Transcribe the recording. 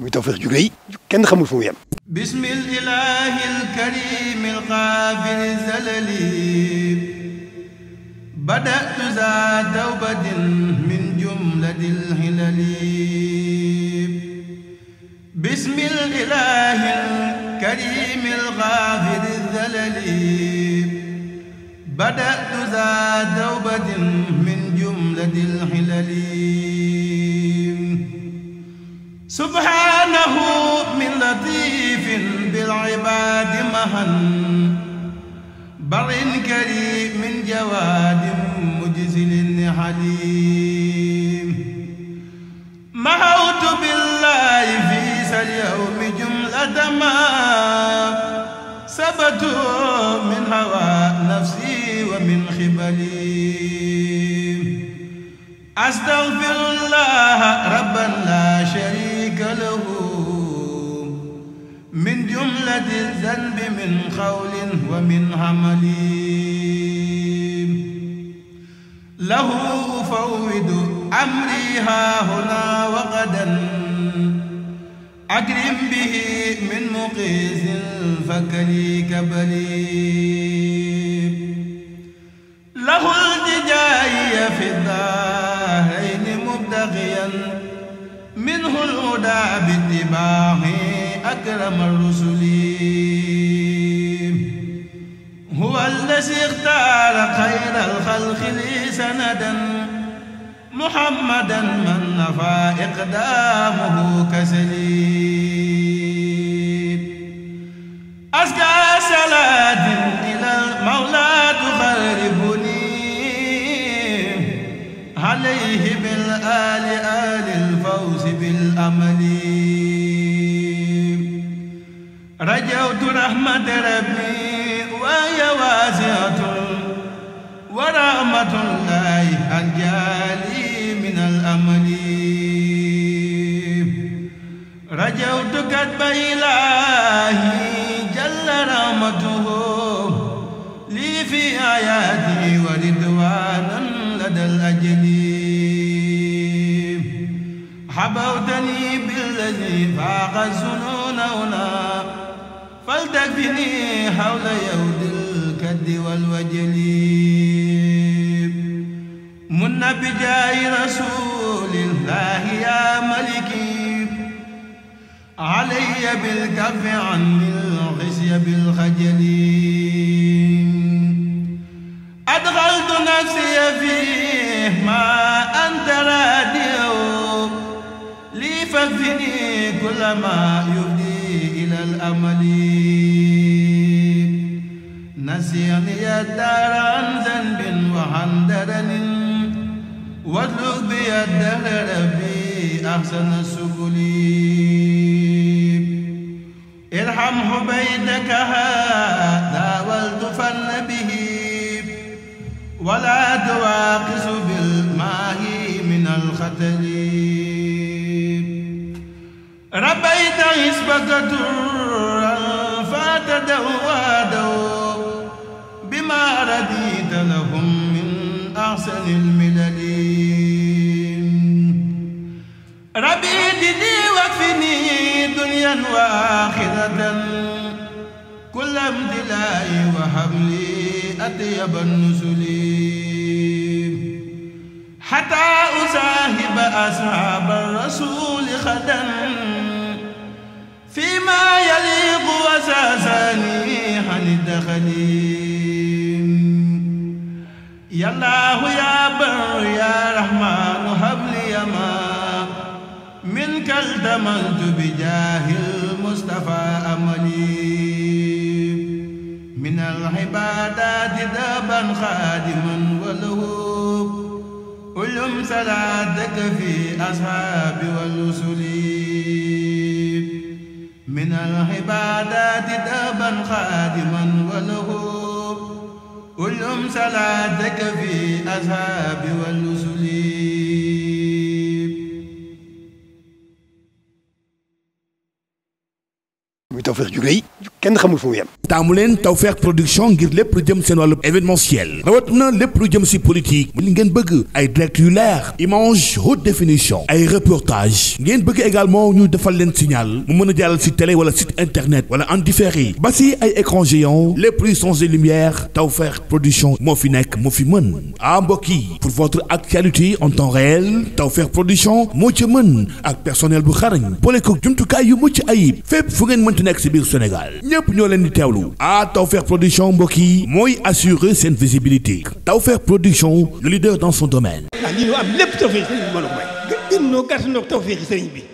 muy Tawfekh ju rëy kenn xamul fu mu yem. bismillahi alkarim alqaabil zalali badatu za tawbatin min jumlati alhilali bismillahi alkarim alqaabil zalali badatu za tawbatin min jumlati alhilali subhaanahu min latifin bil ibaadi mahan barin karimin jawaadin mujsilin halim mahawtu billahi fi sal yawmi jumlatama sabatu min hawa nafsi wa min xibali astaghfirullah rabban la بالذنب من قول ومن عمل له أفوض أمري هاهنا وغدا أكرم به من مقيس فكلي كبليب له التجاهي في الدارين مبتغيا منه الهدى باتباعه أكرم الرسل هو الذي اختار خير الخلق لي سندا محمدا من نفى إقدامه كسلي رحمة ربي وهي واسعة ورحمة الله أنجالي من الأمل رجوت كتب إلهي جل رحمته لي في آياتي ورضوانا لدى الأجل حبوتني بالذي فاق السنون هنا ولتكفني حول يود الكد والوجل من بجاه رسول الله يا ملكي علي بالكف عني الخزي بالخجل أدخلت نفسي فيه ما أنت رادي لي فافني كل ما يبدو الأمل نسيني الدار عن ذنب وعن درن واطلب بي الدهر في أحسن السبل ارحم حبيدك هذا والتفن به ولا تواقص بالماء من الخطر ربيت حسبك تر وادوا وادوا بما رديت لهم من أحسن الملل ربي زدني واكفني دنيا وآخرة كل امتلائي وحملي أطيب النسل حتى أصاحب أصحاب الرسول خدًا الحليم يا الله يا بر يا رحمن هب لي ما منك التمست بجاه المصطفى أملي من العبادات دربا خادما وله ألم صلاتك في أصحابي والرسل من العبادات دابا خادما وله ألم صلاتك في أصحاب والرسل Tawfekh kenn xamul fu mu yem. taamu leen Tawfekh production ngir lépp lu jëm seen wàllu événementiel rawat na lépp lu jëm si politique li ngeen bëgg ay direct yu leer image haute définition ay reportage ngeen bëgg également ñu defal leen signal mu mën a jàllal si télé wala site internet wala en différé ba si ay écran géant lépp luy son lumière Tawfekh production moo fi nekk moo fi mën ah mbokk yi pour votre actualité en temps réel Tawfekh Production moo ci mën ak personnel bu xarañ boole ko jumtukaay yu mucc ayib fépp fu ngeen mënti nekk si biir Sénégal ñépp ñoo leen di teewlu ah Tawfekh Production mbokk yi mooy assurer seen visibilité Tawfekh Production le leader dans son domaine. Ah, am lépp Tawfekh sëriñ bi.